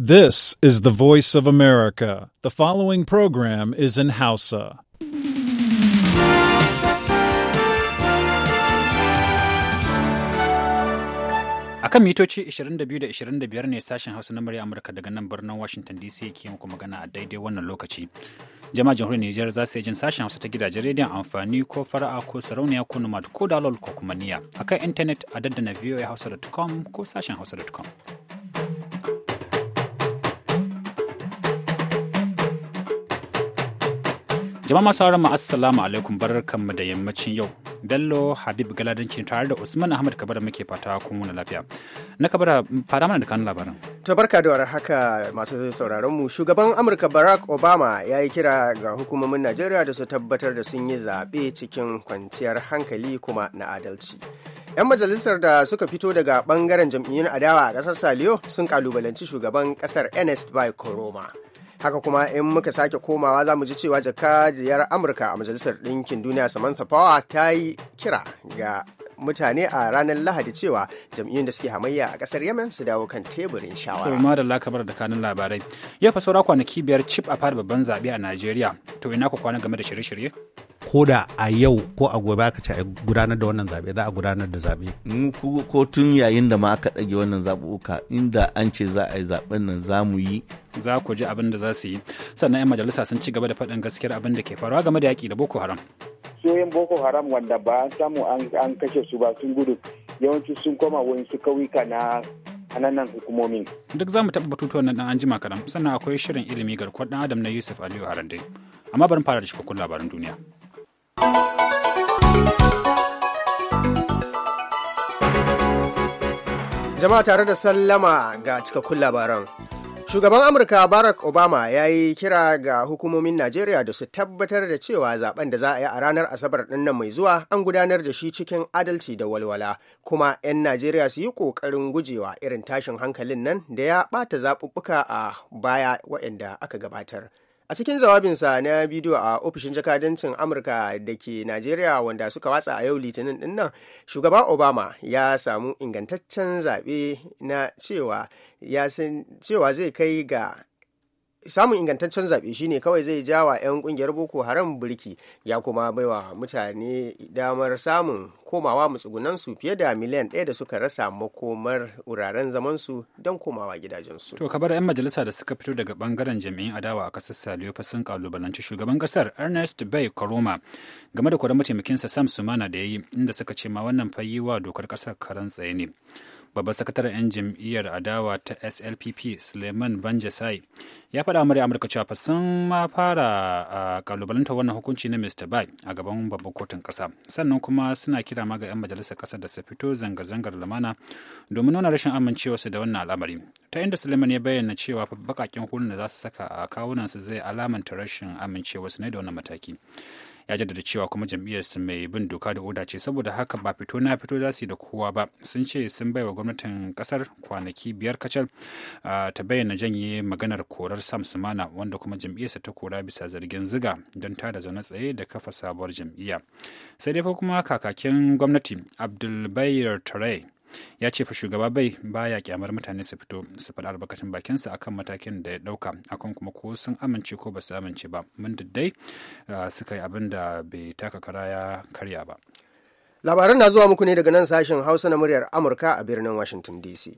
This is the voice of America. The following program is in Hausa. Akan mitoci 22 25 ne sashen Hausa na murya Amurka daga nan birnin Washington DC ke muku magana a daidai wannan lokaci. Jama'a jamhuriyar Nijar za su yi jin sashen Hausa ta gidajen rediyon amfani ko fara'a ko sarauniya ko nomad ko dalol ko kuma niya. Akan intanet a daddana voahausa.com ko sashen hausa.com. Jama'a masu sauran mu assalamu alaikum barkanmu da yammacin yau. Bello Habib Galadanci tare da Usman Ahmad Kabara muke fata kun na lafiya. Na Kabara fara mana da kan labarin. To barka da haka masu sauraron mu shugaban Amurka Barack Obama ya yi kira ga hukumomin Najeriya da su tabbatar da sun yi zaɓe cikin kwanciyar hankali kuma na adalci. 'Yan majalisar da suka fito daga bangaren jam'iyyun adawa a ƙasar Saliyo sun kalubalanci shugaban ƙasar Ernest Bai Koroma. haka kuma in muka sake komawa za mu ji cewa jakadiyar amurka a majalisar ɗinkin duniya samantha power ta yi kira ga mutane a ranar lahadi cewa jam'iyyun da suke hamayya a kasar yemen su dawo kan teburin shawara to ma da lakabar da kanun labarai ya faso kwanaki biyar cip a fara babban zaɓe a najeriya to ina ku kwana game da shirye-shirye koda a yau ko a gobe aka ce a gudanar da wannan zaɓe za a gudanar da zaɓe. ko tun yayin da ma aka ɗage wannan zaɓuɓɓuka inda an ce za a yi zaɓen nan za mu yi. za ku ji abin da za su yi sannan 'yan majalisa sun ci gaba da faɗin gaskiyar abin da ke faruwa game da yaƙi da boko haram. soyin boko haram wanda ba an samu an kashe su ba sun gudu yawanci sun koma su kauyuka na kananan hukumomin. Duk za mu taɓa batutuwan nan an jima kaɗan sannan akwai shirin ilimi garkuwar ɗan adam na Yusuf Aliyu Harande. Amma bari fara da labaran duniya. Jama'a tare da sallama ga cikakkun labaran. Shugaban Amurka Barack Obama ya yi kira ga hukumomin Najeriya da su tabbatar da cewa zaben da za a yi a ranar Asabar ɗin nan mai zuwa an gudanar da shi cikin adalci da walwala, kuma 'yan Najeriya su yi ƙoƙarin gujewa irin tashin hankalin nan da ya ɓata zaɓuɓɓuka a baya waɗanda aka gabatar. a cikin jawabinsa na bidiyo a ofishin jakadancin amurka da ke najeriya wanda suka watsa a yau litinin dinnan shugaba obama ya samu ingantaccen zaɓe na cewa cewa zai kai ga samun ingantaccen zaɓe shine kawai zai ja wa 'yan kungiyar boko haram birki ya kuma baiwa mutane damar samun komawa matsugunansu fiye da miliyan ɗaya da suka rasa makomar wuraren zamansu don komawa gidajensu. To kabar 'yan majalisa da suka fito daga bangaren jami'in adawa a kasar Saliyo fa sun kalubalanci shugaban kasar Ernest Bai Koroma game da kwarar sa Sam Sumana da ya inda suka ce ma wannan fayi wa dokar kasar karan tsaye ne. babban sakataren 'yan jam'iyyar adawa ta slpp suleiman banjasai ya faɗa murya amurka cewa sun ma fara a kalubalantar wannan hukunci na mr bai a gaban babban kotun ƙasa sannan kuma suna kira ma ga 'yan majalisar ƙasa da su fito zanga-zangar lamana domin nuna rashin amincewarsu da wannan al'amari ta inda suleiman ya bayyana cewa baƙaƙen hulun da za su saka a kawunansu zai alamanta rashin amincewarsu ne da wannan mataki ya jaddada cewa kuma jam'iyyarsu mai bin doka da oda ce saboda haka ba fito na fito za su yi da kowa ba sun ce sun bai wa gwamnatin kasar kwanaki biyar kacal ta bayyana janye maganar korar sam sumana wanda kuma jam'iyyarsa ta kora bisa zargin ziga don tada zaune tsaye da kafa sabuwar jam'iyya sai dai fa kuma kakakin gwamnati abdulbayyar tare ya ce fa shugaba bai baya kyamar mutane su fito su faɗa albarkacin bakinsa akan matakin da ya ɗauka akan kuma ko sun amince ko ba su amince ba mun dai ah, suka yi abin da bai taka kara ya karya ba labaran na zuwa muku ne daga nan sashen hausa na muryar amurka a birnin washington dc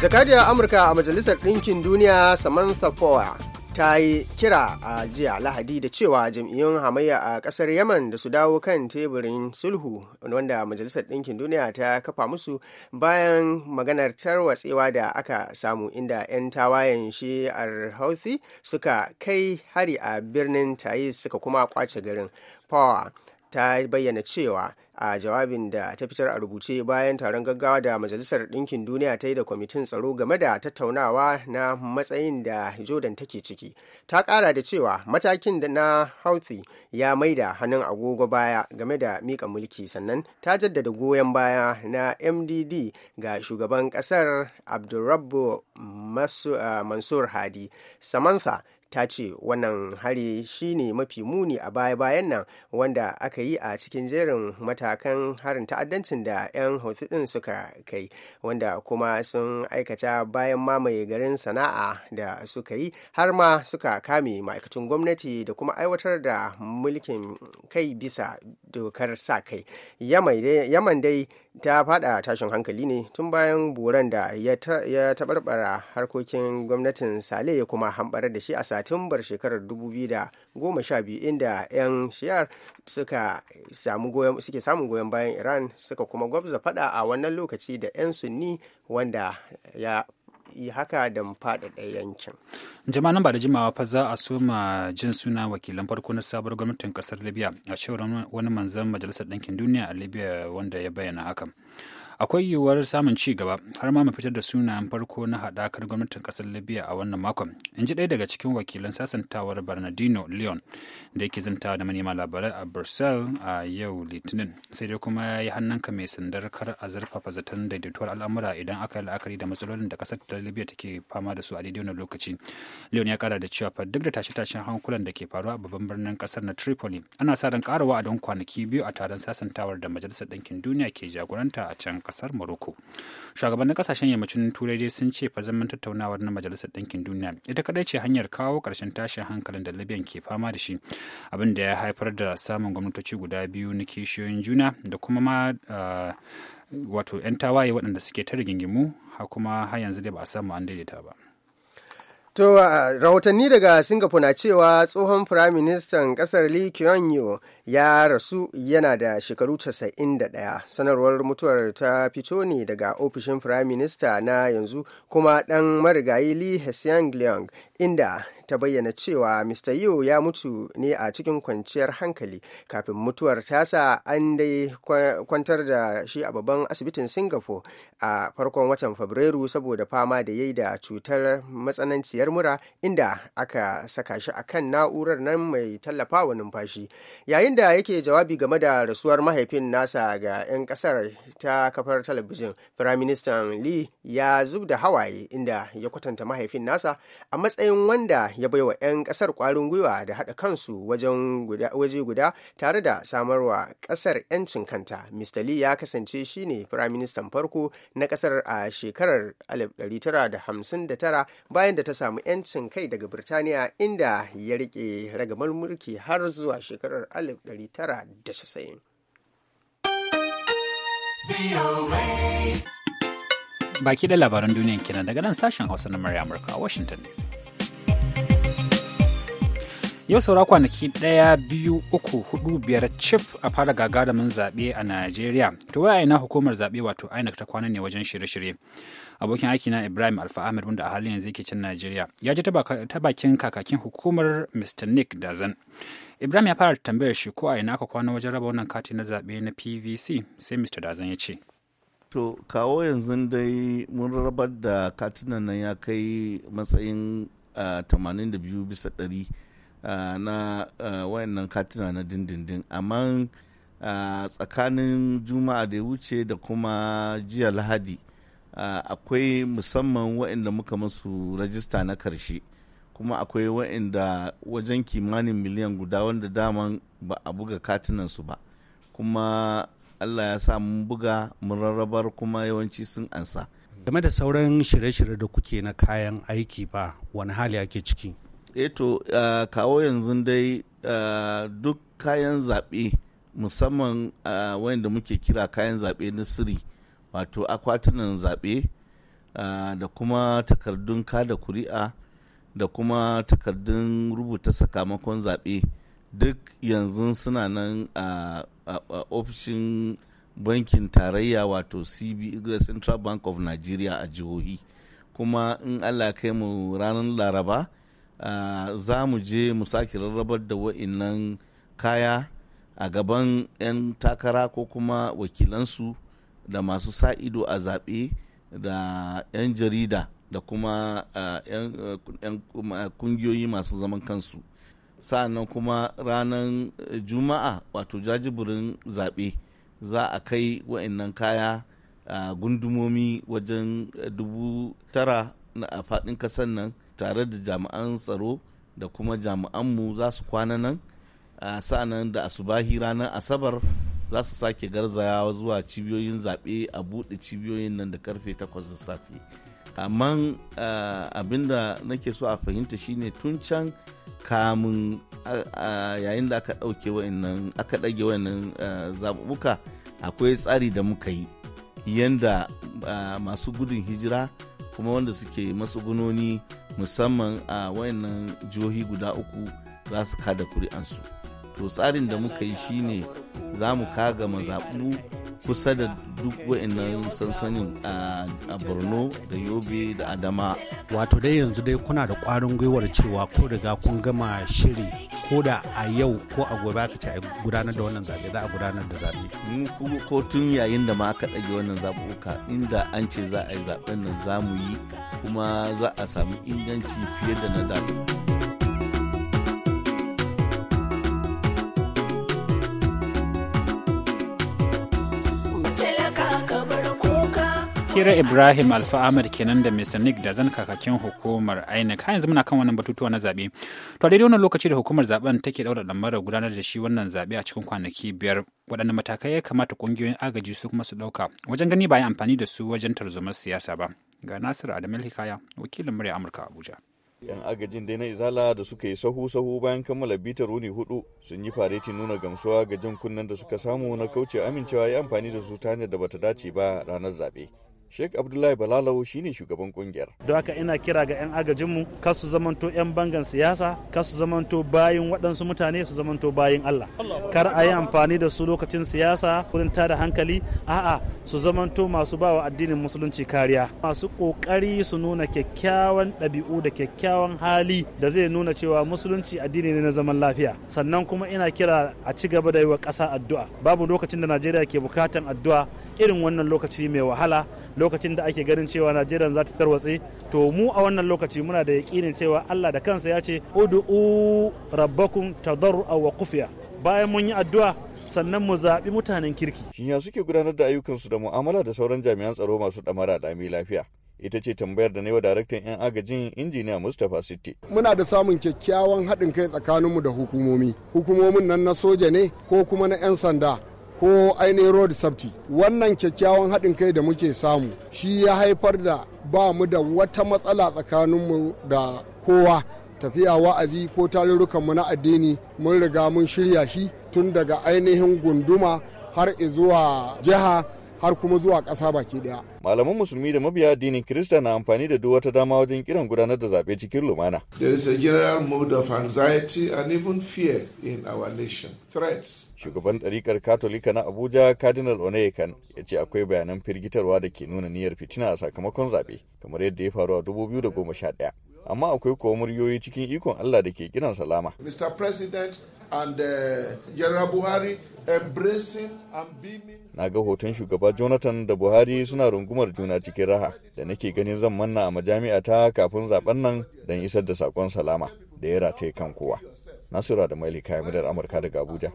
jakadiyar amurka a majalisar ɗinkin duniya samantha power ta yi kira a jiya lahadi da cewa jam'iyyun hamayya a kasar yaman da su dawo kan teburin sulhu wanda majalisar ɗinkin duniya ta kafa musu bayan maganar tarwatsewa da aka samu inda 'yan tawayen shi'ar houthi suka kai hari a birnin tayis suka kuma kwace garin power ta bayyana cewa a jawabin da ta fitar a rubuce bayan taron gaggawa da majalisar ɗinkin duniya ta yi da kwamitin tsaro game da tattaunawa na matsayin da jordan take ciki ta ƙara da cewa matakin da na houthi ya maida hannun agogo baya game da mika mulki sannan ta jaddada goyon baya na mdd ga shugaban ƙasar abdurrabbu eh, mansur hadi samantha ta ce wannan hari shine mafi muni a baya-bayan nan wanda aka yi a cikin jerin matakan harin ta'addancin da 'yan houthi din suka kai wanda kuma sun aikata bayan mamaye garin sana'a da suka yi har ma suka kame ma'aikacin gwamnati da kuma aiwatar da mulkin kai bisa dokar sa kai yaman dai ta fada tashin hankali ne tun bayan buran da ya tabarbara harkokin gwamnatin sale ya kuma hambar da shi a satumbar shekarar 2012 inda 'yan shiyar suke samun goyon bayan iran suka kuma gwabza fada a wannan lokaci da 'yan sunni wanda ya yi haka da faɗaɗa yankin. jama'a nan ba da jimawa fa za a soma jin suna wakilan farko na sabuwar gwamnatin kasar libya a cewar wani manzan majalisar ɗankin duniya a libya wanda ya bayyana hakan. akwai yiwuwar samun ci gaba har ma mu fitar da sunayen farko na haɗakar gwamnatin ƙasar libya a wannan makon in ji ɗaya daga cikin wakilan sasantawar bernardino leon da yake zanta da manema labarai a brussels a yau litinin sai dai kuma ya yi ka mai sandar kar a zurfafa zaton daidaituwar al'amura idan aka yi la'akari da matsalolin da ƙasar ta libya take fama da su a daidai wannan lokaci leon ya kara da cewa fa duk da tashe-tashen hankulan da ke faruwa a babban birnin ƙasar na tripoli ana sa ran ƙarawa a don kwanaki biyu a taron sasantawar da majalisar ɗinkin duniya ke jagoranta a can kasar morocco shugabannin kasashen yammacin turai dai sun ce fa zaman tattaunawar na majalisar ɗinkin duniya ita kadai ce hanyar kawo ƙarshen tashin hankalin da libyan ke fama da shi abin da ya haifar da samun gwamnatoci guda biyu na kishiyoyin juna da kuma ma ah, wato 'yan tawaye waɗanda suke ta rigingimu kuma har yanzu dai ba a samu an daidaita ba To rahotanni daga Singapore na cewa tsohon firaministan kasar Lee Kuan ya rasu yana da shekaru 91. Sanarwar mutuwar ta fito ne daga ofishin firaminista na yanzu kuma ɗan marigayi Lee Hsien Leong inda ta bayyana cewa Mr. Yu ya mutu ne a cikin kwanciyar hankali kafin mutuwar tasa an dai kwantar da shi a babban asibitin Singapore a farkon watan Fabrairu saboda fama da yayi da cutar matsananciyar mura inda aka saka shi a kan na'urar nan mai tallafawa numfashi. Yayin da yake jawabi game da rasuwar mahaifin nasa ga 'yan kasar ta kafar talabijin, Firaministan Lee ya zub da hawaye inda ya kwatanta mahaifin nasa a matsayin wanda ya baiwa 'yan kasar kwarin gwiwa da haɗa kansu waje guda tare da samarwa kasar 'yancin kanta mr lee ya kasance shine firaministan farko na kasar a shekarar 1959 bayan da ta samu 'yancin kai daga birtaniya inda ya rike ragamar mulki har zuwa shekarar 1990 baki da labaran duniyan kenan daga nan sashen hausa na murya amurka a washington dc yau saura kwanaki ɗaya biyu uku hudu biyar cif a fara gagarumin zaɓe a najeriya to waya ina hukumar zaɓe wato inec ta kwana ne wajen shirye-shirye abokin aiki na ibrahim alfa ahmed wanda a halin yanzu yake cin najeriya ya ji ta bakin kakakin hukumar mr nick dazan ibrahim ya fara tambayar shi ko a ina aka kwana wajen raba wannan kati na zaɓe na pvc sai mr dazan ya ce to kawo yanzu dai mun rabar da katunan nan ya kai matsayin 82 ah, bisa ɗari. na wayannan katina na dindindin amma tsakanin juma'a da ya wuce da kuma jiya lahadi akwai musamman wayanda muka masu rajista na karshe kuma akwai wayanda wajen kimanin miliyan guda wanda daman ba a buga katunansu ba kuma allah ya sa mun buga mun rarrabar kuma yawanci sun ansa game da sauran shirye-shirye da kuke na kayan aiki ba wani hali ake ciki eto eh uh, kawo yanzu dai uh, duk kayan zaɓe musamman uh, wanda muke kira kayan zaɓe na siri wato akwatunan zaɓe uh, da kuma takardun kada kuri'a da kuma takardun rubuta sakamakon zaɓe duk yanzu suna nan a uh, uh, ofishin bankin tarayya wato cb central bank of nigeria a jihohi kuma in allah kai mu ranar laraba za mu je mu sake rarrabar da wa'innan kaya a gaban 'yan takara ko kuma wakilansu da masu sa ido a zaɓe da 'yan jarida da kuma 'yan kungiyoyi masu zaman kansu sa'annan kuma ranar juma'a wato jajibirin zaɓe za a kai wa'annan kaya a gundumomi wajen dubu tara a faɗin ƙasar nan tare da jami'an tsaro da kuma jami'anmu za su kwana nan a sa'anan da asubahi ranar asabar za su sake garzayawa zuwa cibiyoyin zaɓe a buɗe cibiyoyin nan da karfe 8 da safe amma abin da nake so a fahimta shine tun can kamun yayin da aka ɗauke wa'annan aka ɗage wa'annan zaɓuɓɓuka akwai tsari da muka yi yanda masu gudun hijira kuma wanda suke matsugunoni musamman a wayannan jihohi guda uku za su kada kuri'ansu to tsarin da muka yi shine za mu kaga mazaɓu kusa da duk wa'annan sansanin a borno da yobe da adama wato dai yanzu dai kuna da kwarin gwiwar cewa ko riga kun gama shiri ko da a yau ko a gobe aka ce a gudanar da wannan zaɓe za a gudanar da zaɓe. mu ko tun yayin da ma aka ɗage wannan zaɓuɓɓuka inda an ce za a yi zaɓen nan za mu yi kuma za a samu inganci fiye da na dasa. Shakira Ibrahim Alfa Ahmed kenan da Mr. Nick da zan kakakin hukumar INEC. Har yanzu muna kan wannan batutuwa na zabe To a daidai wannan lokaci da hukumar zaben take daura lamarar gudanar da shi wannan zabe a cikin kwanaki biyar. Waɗanne matakai ya kamata ƙungiyoyin agaji su kuma su ɗauka wajen gani ba amfani da su wajen tarzomar siyasa ba. Ga Nasiru Adamu Hikaya, wakilin murya Amurka Abuja. yan agajin dai na izala da suka yi sahu-sahu bayan kammala bitar wuni hudu sun yi faretin nuna gamsuwa ga jan kunnen da suka samu na kauce amincewa ya amfani da su ta hanyar da bata dace ba ranar zaɓe Sheikh Abdullahi Balalau shine shugaban kungiyar. Don haka ina kira ga 'yan agajinmu kar su zamanto 'yan bangan siyasa, kar su zamanto bayin waɗansu mutane su zamanto bayin Allah. Kar a yi amfani da su lokacin siyasa wurin tada hankali, a'a su zamanto masu ba wa addinin musulunci kariya. Masu ƙoƙari su nuna kyakkyawan ɗabi'u da kyakkyawan hali da zai nuna cewa musulunci addini ne na zaman lafiya. Sannan kuma ina kira a ci gaba da yi wa ƙasa addu'a. Babu lokacin da Najeriya ke bukatan addu'a irin wannan lokaci mai wahala lokacin da ake ganin cewa najeriya za ta tarwatse to mu a wannan lokaci muna da yakinin cewa allah da kansa ya ce udu'u rabbakum tazar wa kufiya bayan mun yi addu'a sannan mu zaɓi mutanen kirki. Shinya suke gudanar da ayyukansu da mu'amala da sauran jami'an tsaro masu ɗamara mai lafiya. ita ce tambayar da na wa daraktan 'yan agajin injiniya mustapha city muna da samun kyakkyawan haɗin kai tsakaninmu da hukumomi hukumomin nan na soja ne ko kuma na 'yan sanda ko ainihin road safety wannan kyakkyawan haɗin kai da muke samu shi ya haifar da ba mu da wata matsala tsakaninmu da kowa tafiya wa'azi ko tarurrukanmu na addini mun riga mun shirya shi tun daga ainihin gunduma har zuwa jiha har kuma zuwa ƙasa baki ɗaya. Malaman musulmi da mabiya addinin Kirista na amfani da duk wata dama wajen kiran gudanar da zaɓe cikin lumana. There is a general mood of anxiety and even fear in our nation. Threats. Shugaban ɗarikar Katolika na Abuja, Cardinal Onayekan, ya ce akwai bayanan firgitarwa da ke nuna niyyar fitina a sakamakon zaɓe, kamar yadda ya faru a 2011. amma akwai kuwa muryoyi cikin ikon Allah da ke kiran salama. Mr. President and uh, General Buhari embracing and beaming. Na ga hoton shugaba Jonathan da Buhari suna rungumar juna cikin raha da nake ganin zan manna a majami'a ta kafin zaben nan don isar da sakon salama da ya rataye kan kowa. Nasura da Maili kayan Amurka daga Abuja,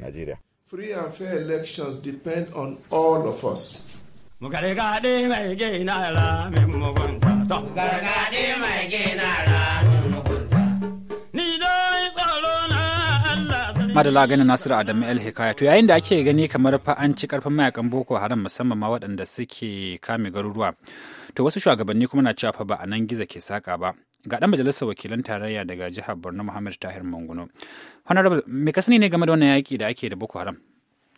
Najeriya. Free and fair elections depend on all of us. Mu mai gina mai mugunta. madala ganin nasiru adamu el hikaya to yayin da ake gani kamar fa an ci karfin mayakan boko haram musamman ma waɗanda suke kame garuruwa to wasu shugabanni kuma na cewa fa ba a nan giza ke saka ba ga dan majalisar wakilan tarayya daga jihar borno muhammad tahir manguno honorable me ka sani ne game da wannan yaki da ake da boko haram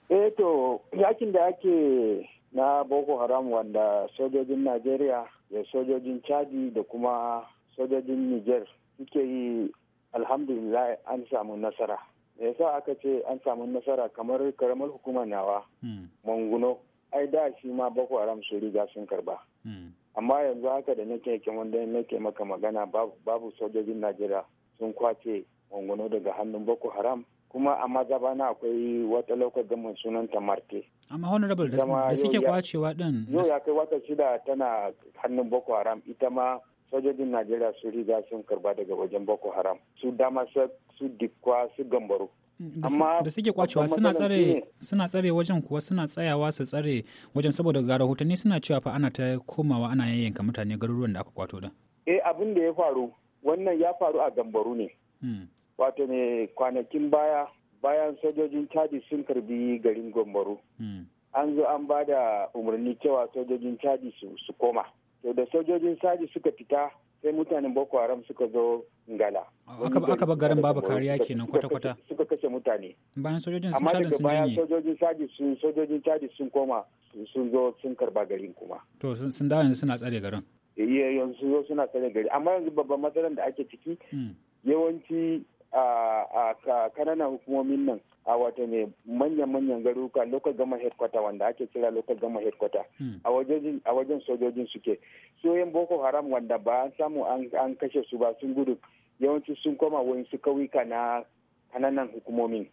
eh to yakin da ake na boko haram wanda sojojin najeriya da sojojin chadi da kuma sojojin niger suke yi alhamdulillah an samu nasara da yasa aka ce an samu nasara kamar karamar hukumar nawa hmm. manguno ai da shi ma boko haram su riga sun karba hmm. amma yanzu haka da nake yake wanda nake maka magana babu sojojin najeriya sun kwace manguno daga hannun boko haram kuma a mazaba na akwai wata lokacin gaman sunan tamarte amma honorable da suke kwacewa din yau ya kai wata shida tana hannun boko haram ita ma sojojin najeriya su riga sun karba daga wajen boko haram su dama su dikwa su gambaro amma da suke kwacewa suna tsare suna tsare wajen kuwa suna tsayawa su tsare wajen saboda ga rahotanni suna cewa fa ana ta komawa ana yayyanka mutane garuruwan da aka kwato da eh abin da ya faru wannan ya faru a gambaru ne hmm. wato ne kwanakin baya bayan sojojin chadi sun karbi garin gambaru hmm. an zo an ba da umarni cewa sojojin chadi su koma to da sojojin saji suka fita sai mutanen boko haram suka zo ngala aka ba garin babu kariya kenan kwata-kwata suka kashe mutane bayan sojojin sun sadin sun janye sojojin saji sun sojojin saji sun koma sun zo sun karba garin kuma to sun dawo yanzu suna tsare garin iya eh, yanzu suna tsare gari amma yanzu babban matsalar da ake ciki hmm. yawanci a kananan hukumomin nan a wata ne manyan-manyan garuruka local gama headquarter wanda ake kira local gama headquarter hmm. a wajen sojojin suke soyin boko haram wanda ba an samu an kashe su ba sun gudu yawanci sun koma su kauyuka na kananan hukumomin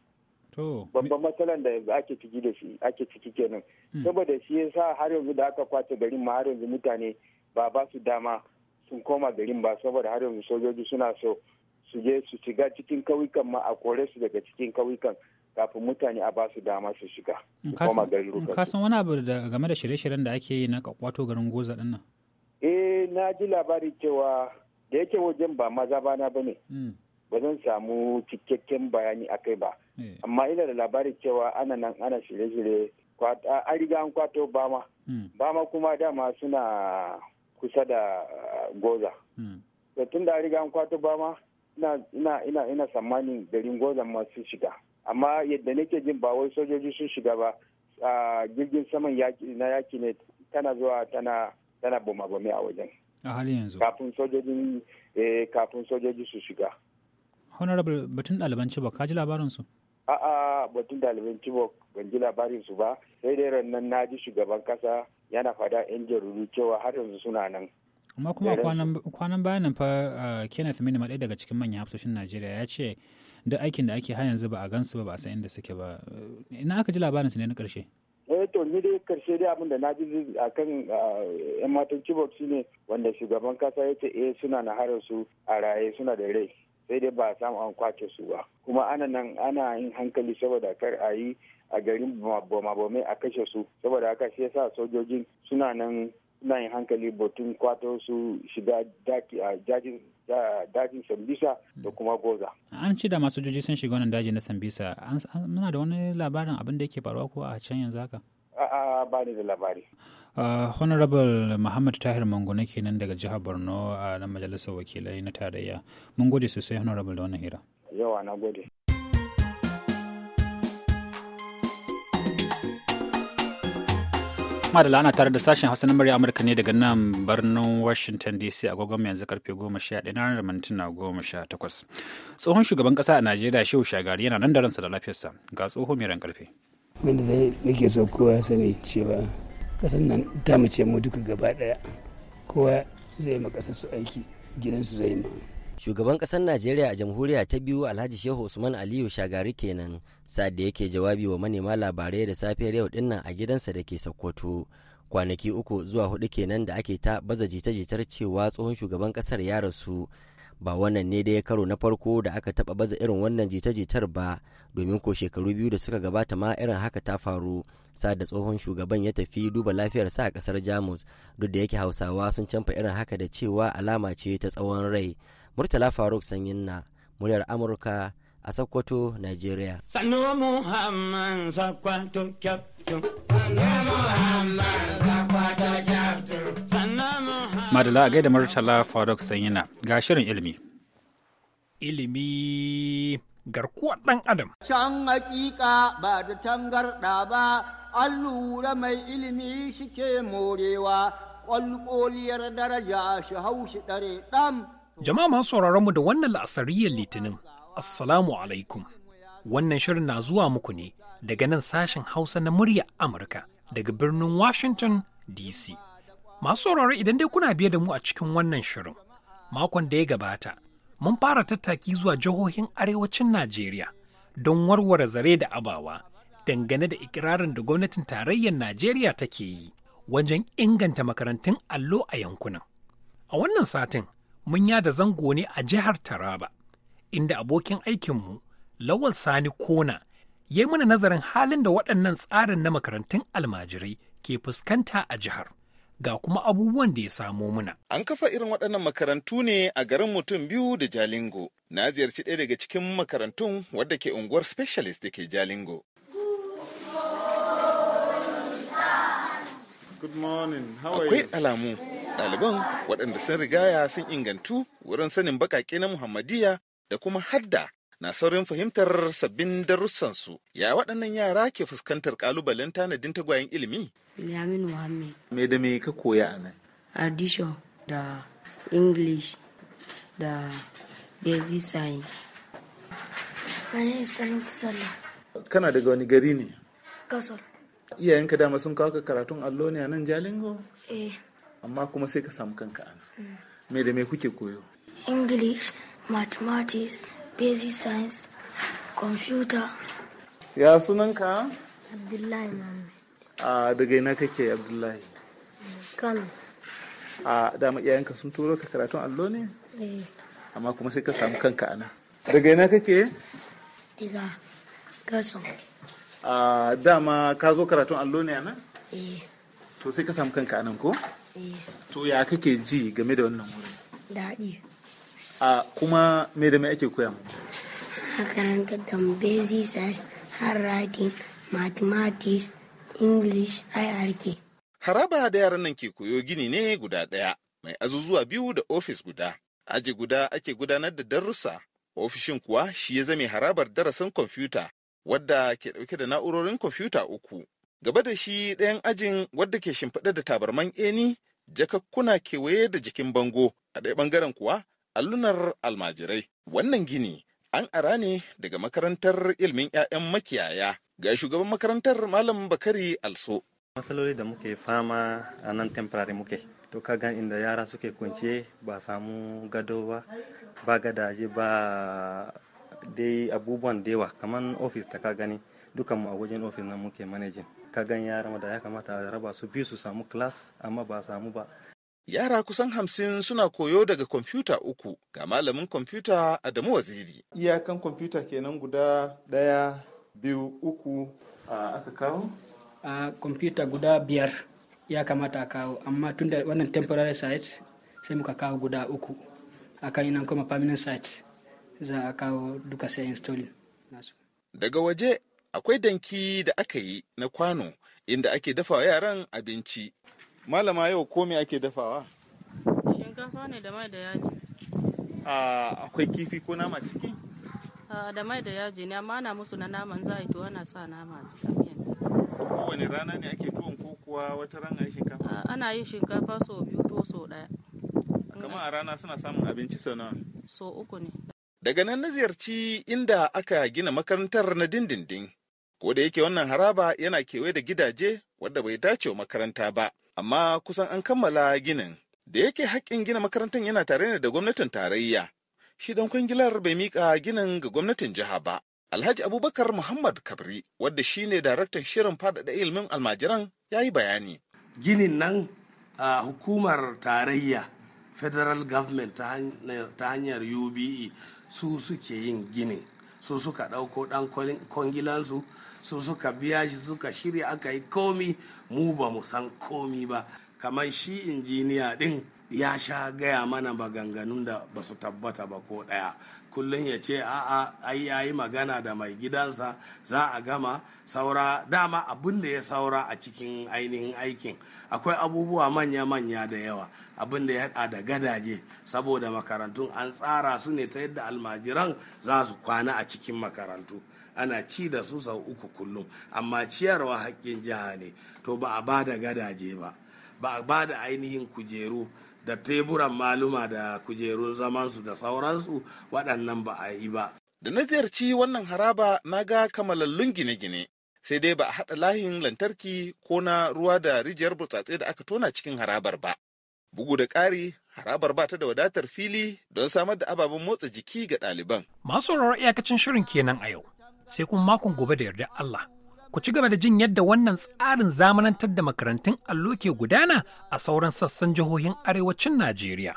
babban matsalan da ake ciki da shi ake ciki kenan hmm. saboda shi yasa har yanzu da aka kwace garin ma har yanzu mutane ba ba su dama sun koma garin ba saboda har yanzu sojoji suna so su je su shiga cikin kauyukan ma a kore su daga cikin kauyukan kafin mutane a ba su dama su shiga su ka san wani abu da game da shirye-shiryen da ake yi na kwato garin goza din nan eh na ji labari cewa da yake wajen ba maza bana bane hmm. ba zan samu cikakken bayani a kai ba eh. amma ina da labari cewa ana nan ana shirye-shirye an riga an kwato bama hmm. bama kuma dama suna kusa da uh, goza hmm. tun da riga an kwato bama ina ina tsammanin garin gozan ma sun shiga amma yadda nake jin ba wai sojoji sun shiga ba jirgin saman na yaki ne tana zuwa tana tana bumabumi a wajen a halin yanzu kafin eh, kafin sojoji su shiga honorable batun ɗaliban cibok ka ji labarin su a'a batun ɗaliban cibok ban ji labarin su ba sai dai nan na ji shugaban kasa yana fada yan jaruru cewa har yanzu suna nan amma kuma kwanan bayan nan fa kenneth minima ɗaya daga cikin manyan hafsoshin najeriya ya ce duk aikin da ake yanzu ba a gansu ba ba a san inda suke ba ina aka ji labarin su ne na karshe. eh to ni dai karshe dai abin da na ji a kan yan matan chibok shine wanda shugaban kasa ya ce eh suna na harar su a raye suna da rai sai dai ba a samu an kwace su ba kuma ana nan ana yin hankali saboda kar a yi a garin bama a kashe su saboda haka shi yasa sojojin suna nan suna yin hankali batun kwato su shiga dajin sambisa da hmm. kuma goza. An ci da masu joji sun shiga wannan daji na sambisa. Muna da wani labarin abin da yake faruwa ko a can yanzu haka? A'a ba ni da labari. Ah, Honorable Muhammad Tahir Mangona kenan daga jihar Borno a nan majalisar wakilai na tarayya. Mun gode sosai Honorable da wannan hira. Yawa na gode. da ana tare da sashen hausa na murya amurka ne daga nan birnin washington dc agogon yanzu karfe 11 na ranar mintuna 18 tsohon shugaban kasa a najeriya shehu shagari yana nan da ransa da lafiyarsa ga tsoho mai ran karfe wanda zai nake so kowa ya sani cewa kasan nan ta mace mu duka gaba daya kowa zai ma kasar su aiki gidansu zai ma shugaban ƙasar najeriya a jamhuriya ta biyu alhaji shehu usman aliyu shagari kenan sa'ad da yake jawabi wa manema labarai da safiyar yau dinnan a gidansa da ke sokoto kwanaki uku zuwa hudu kenan da ake ta baza jita-jitar cewa tsohon shugaban ƙasar ya rasu ba wannan ne da ya karo na farko da aka taba baza irin wannan jita-jitar ba domin ko shekaru biyu da suka gabata ma irin haka ta faru sa da tsohon shugaban ya tafi duba lafiyarsa a kasar jamus duk da yake hausawa sun canfa irin haka da cewa alama ce ta tsawon rai murtala faruk sanyin na muryar amurka a sokoto nigeria madala a gaida murtala faruk sanyina ga shirin ilimi ilimi garkuwar dan adam can hakika ba da tangarɗa ba an lura mai ilimi shike morewa ƙwalƙoliyar daraja shi haushi ɗare ɗan Jama'a masu mu da wannan la'asariyar Litinin, Assalamu alaikum. Wannan shirin na zuwa muku ne daga nan sashen Hausa na murya Amurka daga birnin Washington DC. Masu sauraro idan dai kuna biye da mu a cikin wannan shirin, makon da ya gabata, mun fara tattaki zuwa jihohin arewacin Najeriya don warware zare da abawa dangane da ikirarin da gwamnatin tarayyar Najeriya take yi wajen inganta makarantun allo a yankunan. A wannan satin, mun yada zango ne a jihar Taraba, inda abokin aikinmu Lawal Sani Kona ya yi mana nazarin halin da waɗannan tsarin na makarantun almajirai ke fuskanta a jihar. Ga kuma abubuwan da ya samo muna. An kafa irin waɗannan makarantu ne a garin mutum biyu da Jalingo. Na ziyarci ɗaya daga cikin makarantun wadda ke unguwar specialist da ke Jalingo. Akwai alamu ɗaliban waɗanda sun rigaya sun ingantu wurin sanin bakake na Muhammadiyya da kuma hadda na saurin fahimtar sabbin darussansu. Ya waɗannan yara ke fuskantar ƙalubalen tanadin tagwayen ilimi? Bilyamin Muhammad. Me da me ka koya a nan? Addition da English da Basic Science. Mane Salisu Sallah. Kana daga wani gari ne? Gasol. Iyayenka dama sun kawo ka karatun allo ne a nan Jalingo? Eh. amma kuma sai ka samu kanka an hmm. me da me kuke koyo english mathematics basic science computer ya sunanka abdullahi a daga ina kake abdullahi kano a dama iyayenka sun turo ka karatun allo ne eh. amma kuma sai ka samu kanka ana daga ina kake daga gaso a dama ka zo karatun allo ne ana eh. to sai ka samu kanka anan ko Eh. To ya kake ji game da wannan wurin? Daɗi. A kuma me da me ake koya mu? Makarantar da mu basic science, hard writing, mathematics, English, IRK. Haraba da yaran nan ke koyo gini ne guda ɗaya, mai azuzuwa biyu da ofis guda. Aji guda ake gudanar da darussa, ofishin kuwa shi ya zame harabar darasin kwamfuta, wadda ke ɗauke da na'urorin kwamfuta uku. Gaba da shi ɗayan ajin wadda ke shimfiɗa da tabarman eni jakakkuna kewaye da jikin bango a ɗaya ɓangaren kuwa allunar almajirai wannan gini an ara ne daga makarantar ilmin 'ya'yan makiyaya ga shugaban makarantar malam bakari also matsaloli da muke fama a nan temporary muke to ka gan inda yara suke kunce ba samu gado ba ba gadaje ba dai abubuwan dewa kamar ofis ta ka gani dukanmu a wajen ofis na muke manajin ka gan yara da ya kamata a raba su biyu su samu class amma ba samu ba yara kusan hamsin suna koyo daga kwamfuta uku ga malamin kwamfuta adamu waziri iyakan kwamfuta kenan guda daya biyu uku aka kawo a kwamfuta guda biyar ya kamata a kawo amma tunda wannan temporary site sai muka kawo guda uku akan yi nan kuma permanent site za a kawo duka sai installing daga waje akwai danki da aka yi na kwano inda ake dafa yaran abinci malama yau ko me ake dafawa shinkafa ne da mai da yaji akwai kifi ko nama ciki da mai da yaji ne amma ana musu na naman za a yi to ana sa nama a cikin miyan rana ne ake tuwon ko kuwa wata rana yi shinkafa ana yin shinkafa sau biyu to sau daya kamar a rana suna samun abinci sau nawa sau uku ne Daga nan na ziyarci inda aka gina makarantar na dindindin Ko da yake wannan haraba yana kewaye da gidaje wadda bai dace wa makaranta ba, amma kusan an kammala ginin. Da yake haƙƙin gina makarantar yana tare ne da gwamnatin tarayya. Shi dan kwangilar bai mika ginin ga gwamnatin jiha ba. Alhaji Abubakar Muhammad Kabri, wadda shi ne daraktan shirin faɗaɗa ilimin almajiran, ya yi bayani. Ginin nan a hukumar tarayya federal government ta hanyar UBE su suke yin ginin. su suka ɗauko ɗan kwangilansu su suka biya shi suka shirya aka yi komi mu ba mu san komi ba kamar shi injiniya ɗin ya sha gaya mana maganganun da ba su tabbata ba ko ɗaya kullum ya ce a'a ai ya yi magana da mai gidansa za a gama saura dama abin da ya saura a cikin ainihin aikin akwai abubuwa manya-manya da yawa abin da ya hada da gadaje saboda makarantun an tsara su ne ta yadda almajiran za su kwana a cikin makarantu ana ci da su sau uku kullum amma ciyarwa hakkin jiha ne to ba a ba da gadaje ba ba a ba da ainihin kujeru da teburan maluma da kujerun zamansu da sauransu waɗannan ba a yi ba. Da na ziyarci wannan haraba na ga kamalallun gine-gine sai dai ba a haɗa layin lantarki ko na ruwa da rijiyar burtsatse da aka tona cikin harabar ba. Bugu da ƙari, harabar ba ta da wadatar fili don samar da ababen motsa jiki ga ɗaliban. Masu iyakacin shirin kenan a yau, sai kuma makon gobe da yarda Allah. Ku ci gaba da jin yadda wannan tsarin zamanantar da makarantun allo ke gudana a sauran sassan jihohin arewacin Najeriya.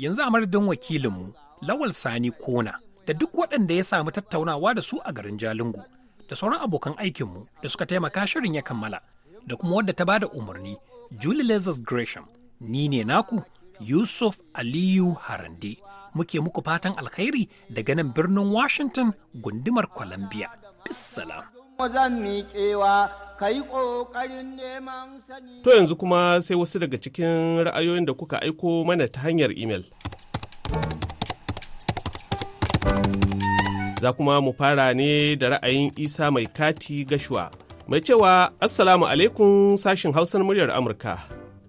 Yanzu a madadin wakilinmu, Lawal Sani Kona, da duk waɗanda ya samu tattaunawa da su a garin Jalingo, da sauran abokan aikinmu da suka taimaka shirin ya kammala, da kuma wadda ta da umarni, Julie Lazarus Gresham, ni ne naku Yusuf Aliyu Harande. Muke muku fatan alkhairi daga nan birnin Washington gundumar Columbia. Bissalam. zan kayi ƙoƙarin neman sani. To yanzu kuma sai wasu daga cikin ra'ayoyin da kuka aiko mana ta hanyar imel. Za kuma mu fara ne da ra'ayin Isa mai kati gashuwa. Mai cewa Assalamu alaikum sashin Hausar muryar Amurka.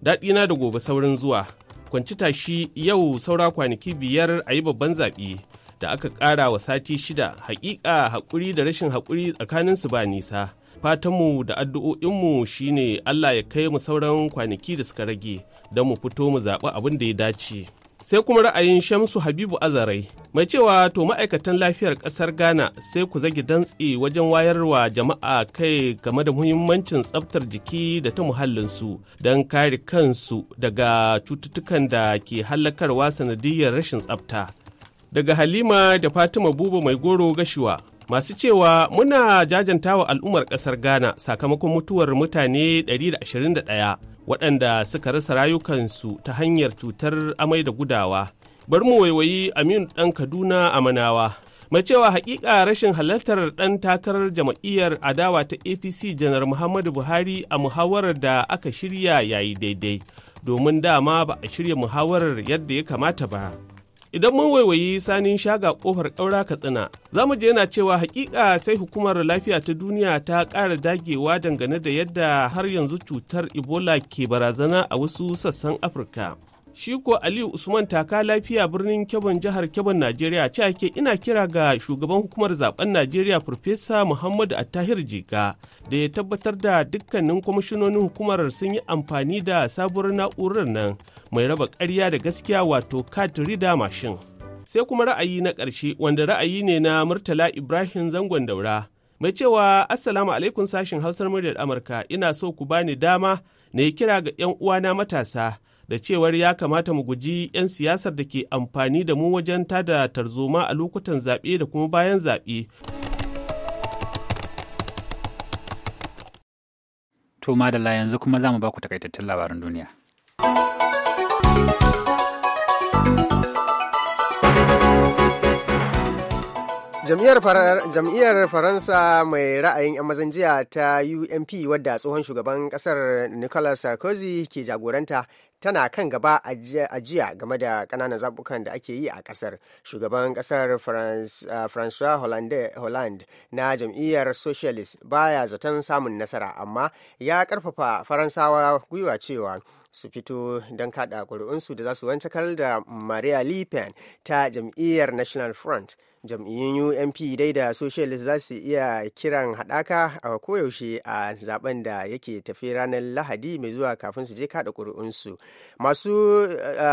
Daɗi na da gobe saurin zuwa. Kwanci tashi yau saura kwanaki biyar a yi babban zaɓe. da aka ƙara wa sati shida hakika haƙuri da rashin haƙuri tsakaninsu ba nisa fatanmu da addu'o'inmu shine allah ya kai mu sauran kwanaki da suka rage don mu fito mu zaɓi abin da ya dace sai kuma ra'ayin shamsu habibu azarai mai cewa to ma'aikatan lafiyar ƙasar ghana sai ku zage dantse wajen wayarwa jama'a kai game da muhimmancin tsaftar jiki da ta muhallinsu don kare kansu daga cututtukan da ke hallakarwa sanadiyar rashin tsafta. daga Halima da Fatima Buba Mai Goro Gashiwa. Masu cewa muna jajantawa al'ummar ƙasar Ghana sakamakon mutuwar mutane 121 waɗanda suka rasa rayukansu ta hanyar cutar amai da gudawa. Bari mu waiwayi Aminu ɗan Kaduna a Manawa. Mai cewa haƙiƙa rashin halartar ɗan takarar jama'iyyar adawa ta APC janar Muhammadu Buhari a muhawarar da aka shirya yayi daidai, domin dama ba a shirya muhawarar yadda ya kamata ba. Idan mun waiwayi sanin shaga kofar ƙaura Katsina, za mu je yana cewa hakika sai hukumar lafiya ta duniya ta ƙara dagewa dangane da yadda har yanzu cutar Ebola ke barazana a wasu sassan Afirka. Shi ko Aliyu Usman taka lafiya birnin Kebon jihar Kebon Najeriya ce ake ina kira ga shugaban hukumar zaben Najeriya Farfesa Muhammadu Attahir Jika da ya tabbatar da dukkanin kwamishinonin hukumar sun yi amfani da sabuwar na'urar nan mai raba ƙarya da gaskiya wato card reader machine. Sai kuma ra'ayi na ƙarshe wanda ra'ayi ne na Murtala Ibrahim Zangon Daura. Mai cewa Assalamu alaikum sashin Hausar muryar Amurka ina so ku bani dama na kira ga 'yan uwana matasa da cewar ya kamata mu guji 'yan siyasar da ke amfani da mu wajen tada tarzoma a lokutan zaɓe da kuma bayan zaɓe. To madalla yanzu kuma za mu ba ku takaitattun labarin duniya. jam'iyyar faransa mai ra'ayin 'yan mazan jiya ta ump wadda tsohon shugaban kasar nicolas sarkozy ke jagoranta tana kan gaba ajiya game da kananan zabukan da ake yi a kasar shugaban kasar uh, francois hollande na jam'iyyar socialist baya zaton samun nasara amma ya karfafa faransawa gwiwa cewa su fito don kada ƙuri'unsu da za su wancakar da maria le ta jam'iyyar national front jam'iyyun u.n.p dai da socialist za su iya kiran haɗaka a koyaushe a zaben da yake tafi ranar lahadi mai zuwa kafin su je kaɗa ƙuri'unsu masu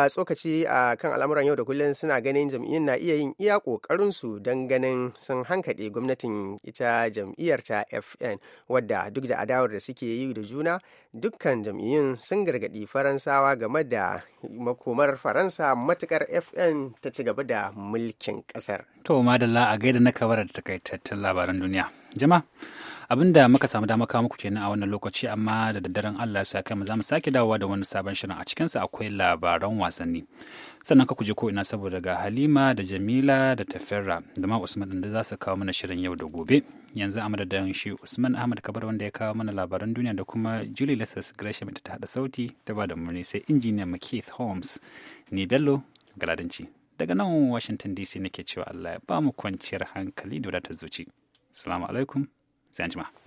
tsokaci a kan al'amuran yau da kullum suna ganin jam'iyyun na iya yin iya ƙoƙarinsu don ganin sun hankaɗe gwamnatin ita jam'iyyar ta fn wadda duk da adawar da suke yi da juna dukkan jam'iyyun sun gargaɗi faransawa game da makomar faransa matukar fn ta ci gaba da mulkin ƙasar To madalla a gaida na kawar da takaitattun labaran duniya. Jama, abin da muka samu dama kawo muku kenan a wannan lokaci amma da daddaren Allah ya kai mu za mu sake dawowa da wani sabon shirin a cikinsa akwai labaran wasanni. Sannan ka kuje ko ina saboda ga Halima da Jamila da Tafera da ma Usman da za su kawo mana shirin yau da gobe. Yanzu a madadin shi Usman Ahmad Kabar wanda ya kawo mana labaran duniya da kuma Julie Lathas Gresham ta haɗa sauti ta ba da muni sai injiniya Keith Holmes. Ni Bello, Galadanci. daga nan washington dc nake cewa allah ya ba mu kwanciyar hankali da wadatar zuci salamu alaikum sai